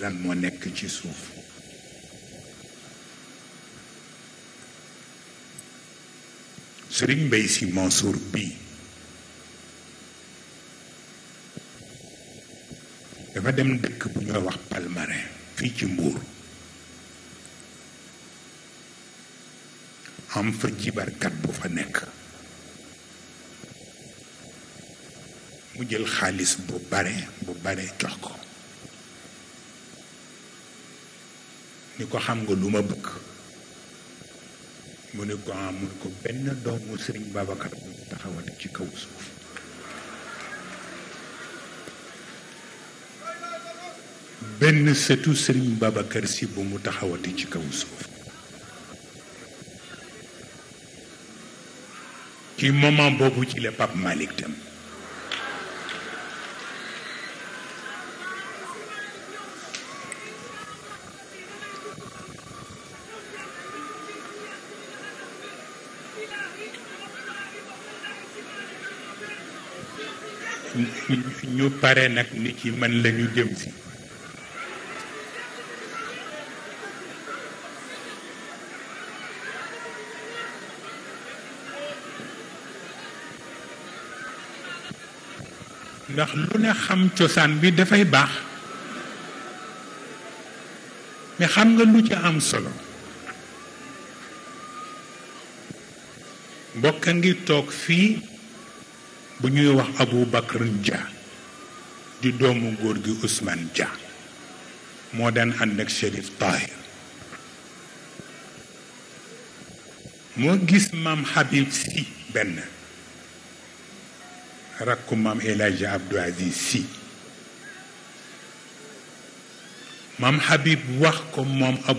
lan moo nekk ci suuf Serigne Mbaye Sy Mansour bii dafa dem dëkk bu ñoo wax Palmarin fii ci Mbuur am fa jibarkat bu fa nekk mu jël xaalis bu bare bu bare jox ko ni ko xam nga lu ma bëgg mu ne ko am ah, mu ne ko benn doomu sëriñ Babacar bu taxawati ci kaw suuf benn sëtu mu taxawati ci kaw suuf ki moment boobu ci la Pape Malick tam su ñu paree nag ni ci man la ñu jëm si ndax lu ne xam cosaan bi dafay baax mais xam nga lu ci am solo Bahkan ngi tok fi bu ñuy wax abou bakr ja di doomu goor gi ousmane ja mo dan and ak sherif tahir mo gis mam habib si ben rakku mam elaja abdou aziz si mam habib wax ko mom abu